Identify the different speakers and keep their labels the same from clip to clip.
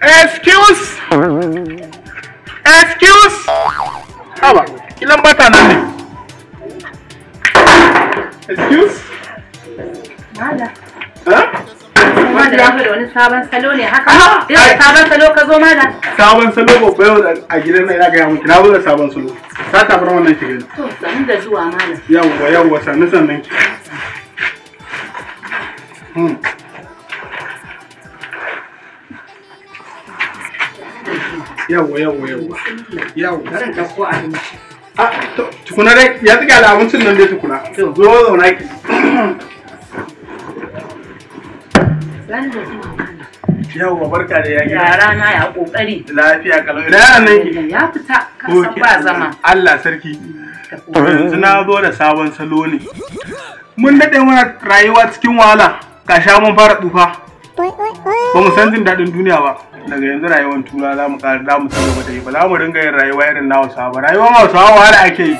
Speaker 1: excuse excuse bata nan excuse
Speaker 2: wani sabon salo ne haka. sabon
Speaker 1: salo ka zo Sabon salo a gidan nan ina gaya miki na bude sabon salo. Ta wannan ki
Speaker 2: To sanin da zuwa
Speaker 1: Yawwa yawwa sanin Hmm. yawa yawa yawa yawa tukuna dai ya tuka da abincin nan dai tukuna zo zauna ki yawa barka da ya gina. yara na ya kokari lafiya kalau ina yaran nan ya fita kasan ba zama Allah sarki mm, to yanzu na zo da sabon salo ne mun daɗe mana rayuwa cikin wahala Ka sha mun fara tsufa ba mu san jin daɗin duniya ba daga yanzu rayuwar tura za mu kare, za mu cigaba da yi ba za mu ringa yin rayuwa irin na hausawa ba rayuwar hausawa wahala ake yi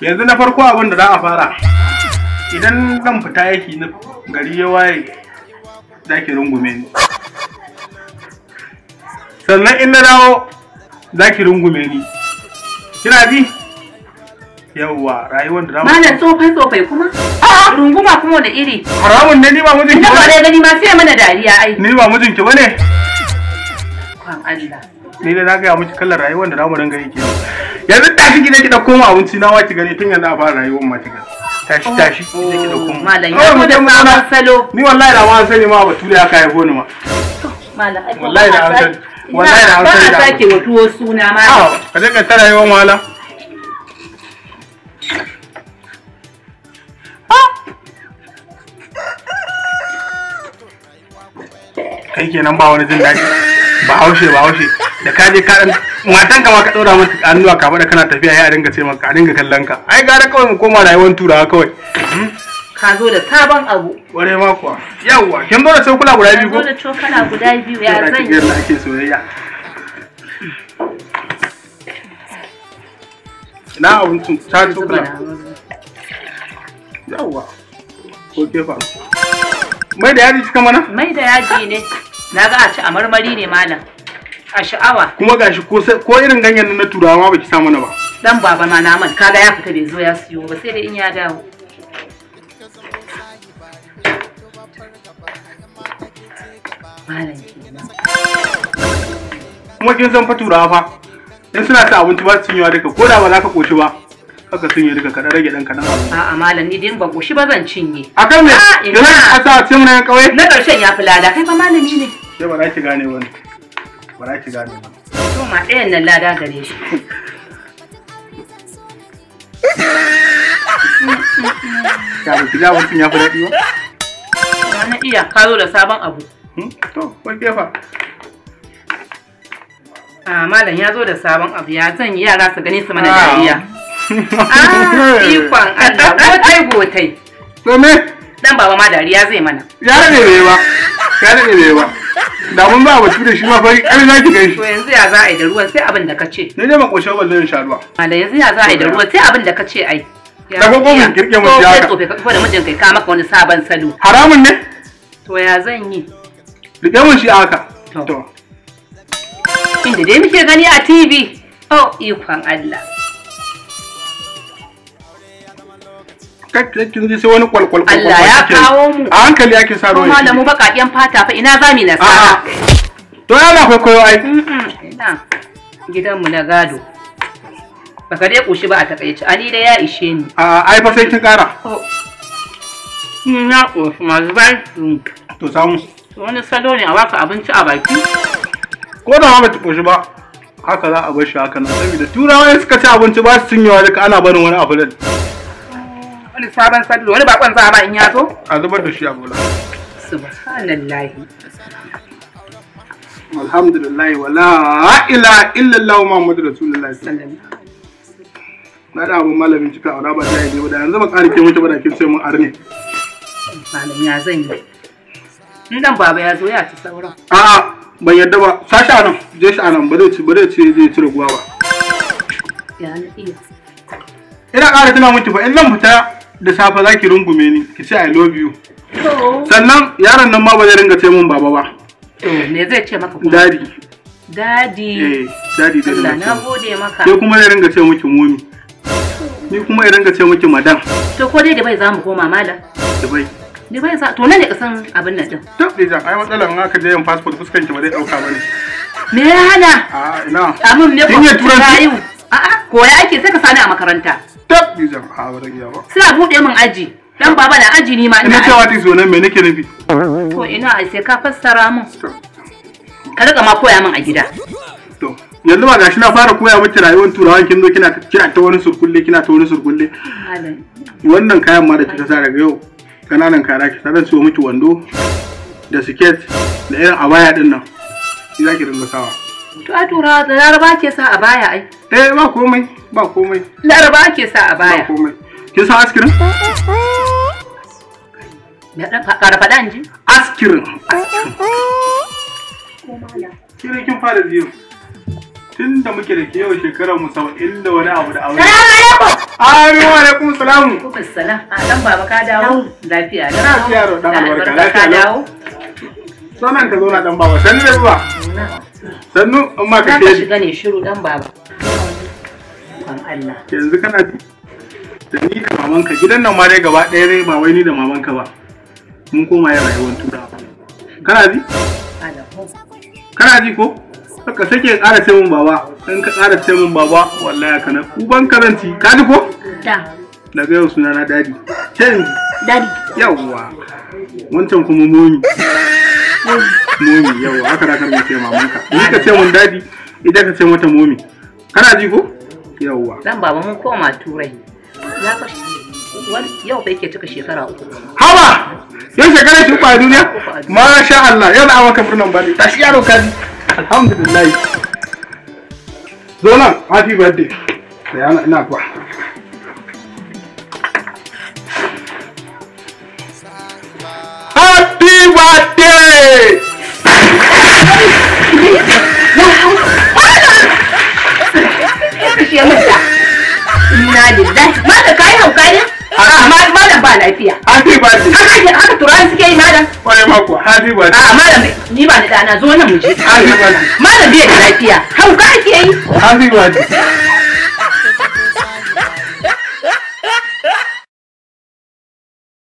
Speaker 1: yanzu na farko abin da za a fara idan zan fita aiki na gari ya waye za ki rungume ni sannan in na dawo za ki rungume ni kina bi? yawwa rayuwar da zamu malam
Speaker 2: tsofai tsofai kuma runguma kuma da iri haramun ne ni ba mijin ki ba gani ma sai mana dariya ai
Speaker 1: ni ba mijin ki bane kan Allah ni da zaka ya miki kallon rayuwar da zamu yanzu tashi ki ki abinci na tun yanzu a fara rayuwar ma tashi oh, tashi ki ne ki oh,
Speaker 2: malam ya mu da sabon
Speaker 1: salo ni wallahi da ma sani ma bature aka haifo goni ma
Speaker 2: malam wallahi da an sani
Speaker 1: wallahi da an sani ba ka sake wa
Speaker 2: tuwo suna malam
Speaker 1: ka dinga tara yawan malam kai kenan ba wani jin daɗi ba haushe ba haushe da ka je ka matan ka ma ka ɗora mata hannuwa ka da kana tafiya ya dinga ce maka a dinga kallon ka ai gara kawai mu koma rayuwar turawa kawai hmm? ka zo da sabon abu ware ma kuwa yawwa kin zo da cokula guda biyu ko zo da
Speaker 2: cokula guda biyu ya zan yi ake
Speaker 1: soyayya na abincin ta cokula yawwa ko kefa
Speaker 2: mai da yaji cika mana mai da yaji ne na ga a ci a marmari ne malam a sha'awa
Speaker 1: kuma gashi ko irin ganyen na turawa ma baki samu na ba
Speaker 2: dan baba ma na man kaga ya fita bai zo ya siyo ba sai dai in ya dawo
Speaker 1: kuma kin san fa turawa fa in suna ta abinci ba su cinyewa duka ko da ba za ka koshi ba aka yi duka kaɗan rage ɗan kaɗan.
Speaker 2: A'a malam ni dai ban ƙoshi ba zan cinye.
Speaker 1: A kan me? Ina a sa cin na
Speaker 2: ƙauye. Na ƙarshen ya fi lada kai fa malami ne.
Speaker 1: Sai ba za ki gane wani. Ba za ki gane wani. To ma ɗayan nan
Speaker 2: lada gare shi.
Speaker 1: Ya ba ki ja wancan ya fi daɗi ba.
Speaker 2: Na iya kazo da sabon abu. Hmm? To, wani gefa. A malam ya zo da sabon abu ya zan yi yara su gani su mana dariya. Ah, ikon Allah, gotai gotai. To Dan baba ma dariya zai mana.
Speaker 1: Ya ne ne ba. Ya ne ne ba. Da mun ba
Speaker 2: batu da shi ma fari. kai za ki gani. To yanzu ya za a yi da ruwan sai abin da ka ce. Ni dai makoshin wallahi sha ruwa. Malai yanzu ya za a yi da ruwan sai abin da ka ce ai. Da ko gomin kirkin mu ya ka. Ko da mijin kai ka maka wani sabon salo. Haramun ne? To ya zan yi? Rike mun shi haka. To. Inda dai muke gani a TV. Oh, ikon Allah.
Speaker 1: kin ji sai wani kwalkwal Allah ya kawo mu a hankali ake sa ruwa kuma da
Speaker 2: mu bakaken fata fa ina zami na sa
Speaker 1: to yana kwaikwayo ai
Speaker 2: gidan mu na gado baka dai kushi ba a takaice ani da ya ishe
Speaker 1: ni a ai fa sai kin kara Ina oh. mm, koshi ma zubar to samu wani salo ne a baka abinci a baki ko da ma bata koshi ba haka za a bar shi haka nan saboda turawa suka ci abinci ba su yawa duka ana barin wani abu da
Speaker 2: wani sabon sadlo wani bakon za ba in
Speaker 1: ya zo a zubar da shi a bola subhanallah alhamdulillah wala ila illallah muhammadu rasulullah sallallahu na da abin malamin cika aura ba ta yi da yanzu ba ƙara ke mutu ba da kin ce mun arne
Speaker 2: malam ya zan yi in dan baba ya zo ya ci sauran
Speaker 1: a'a ban yadda ba sashi a nan je shi a nan ba zai ci ba zai ci zai ci raguwa ba ya na iya ina ƙara tuna miki fa in zan fita da safe za ki rungume ni ki ce i love you sannan yaron nan ma ba zai ringa ce mun baba ba me zai ce maka kuma dadi
Speaker 2: dadi eh
Speaker 1: dadi dadi Allah na
Speaker 2: gode maka Sai kuma
Speaker 1: zai ringa ce miki momi ni kuma ya ringa ce miki madam
Speaker 2: to ko dai da bai za mu koma mala da bai da bai za to nan ne kasan abin nan din
Speaker 1: to dai za ai matsalan in aka je yin passport fuskan ki ba zai dauka bane me ya hana a ah, ina amin ne ko kin yi turanci a'a koya
Speaker 2: ake sai ka sani a makaranta
Speaker 1: tab bi jan ha wurin yawa
Speaker 2: sai bude min aji dan baba na aji ni ma ina cewa
Speaker 1: ti zo nan me nake nufi to
Speaker 2: ina ai sai ka fassara min
Speaker 1: ka rika ma koya min a gida to yanzu ma gashi na fara koya miki rayuwar turawan kin zo kina kina ta wani surkulle kina ta wani surkulle wannan kayan ma da kika sa daga yau kananan kara ki sadan siyo miki wando da siket da irin abaya din nan shi zaki rinka sawa
Speaker 2: to a turawa da laraba ke sa abaya ai
Speaker 1: eh ba komai ba komai
Speaker 2: laraba ake sa a baya
Speaker 1: ba komai kin san askirin Kara faɗa in ji? Askirin. Kira kin fara biyu. Tun da muke da ke yau shekarar mu sau da wani abu da aure. Salamu alaikum. Amin wa alaikum salamu. Kuka salam. A dan baba ka dawo lafiya. Lafiya ro dan albarka. Lafiya ka dawo. Sonan ka zo na dan baba. Sannu da zuwa. Sannu in ma ka ce. ka shiga ne shiru dan baba. ikon Allah. Yanzu kana Da ni da mamanka gidan nan ma dai gaba ɗaya dai ba wai ni da mamanka ba. Mun koma yin rayuwar turawa. Kana ji? Kana ji ko? Ka sake ƙara ce min baba, in ka ƙara ce min baba wallahi ka na uban karanci, ka ji ko? Da. Daga yau suna na dadi. Canji. Dadi. Yawwa. Wancan kuma momi. Momi yawwa haka da kan ce mamanka. Ni ka ce mun dadi, idan ka ce mata momi. Kana ji ko? yawwa dan baba mun koma turai
Speaker 2: ya fa yau fa yake cika shekara uku
Speaker 1: haba yau shekara ki uku a duniya masha Allah yau na maka murnan bane tashi yaro ka ji alhamdulillah zo happy birthday sai ana ina kuwa Happy birthday!
Speaker 2: inna lillahi ka kai hauka ne ah. Ah, malam ba lafiya happy birthday haka haka turan suke yi malam kwaye mako happy birthday a ah, ni ba ni dana zo nan mu je happy birthday da lafiya hauka ake yi happy birthday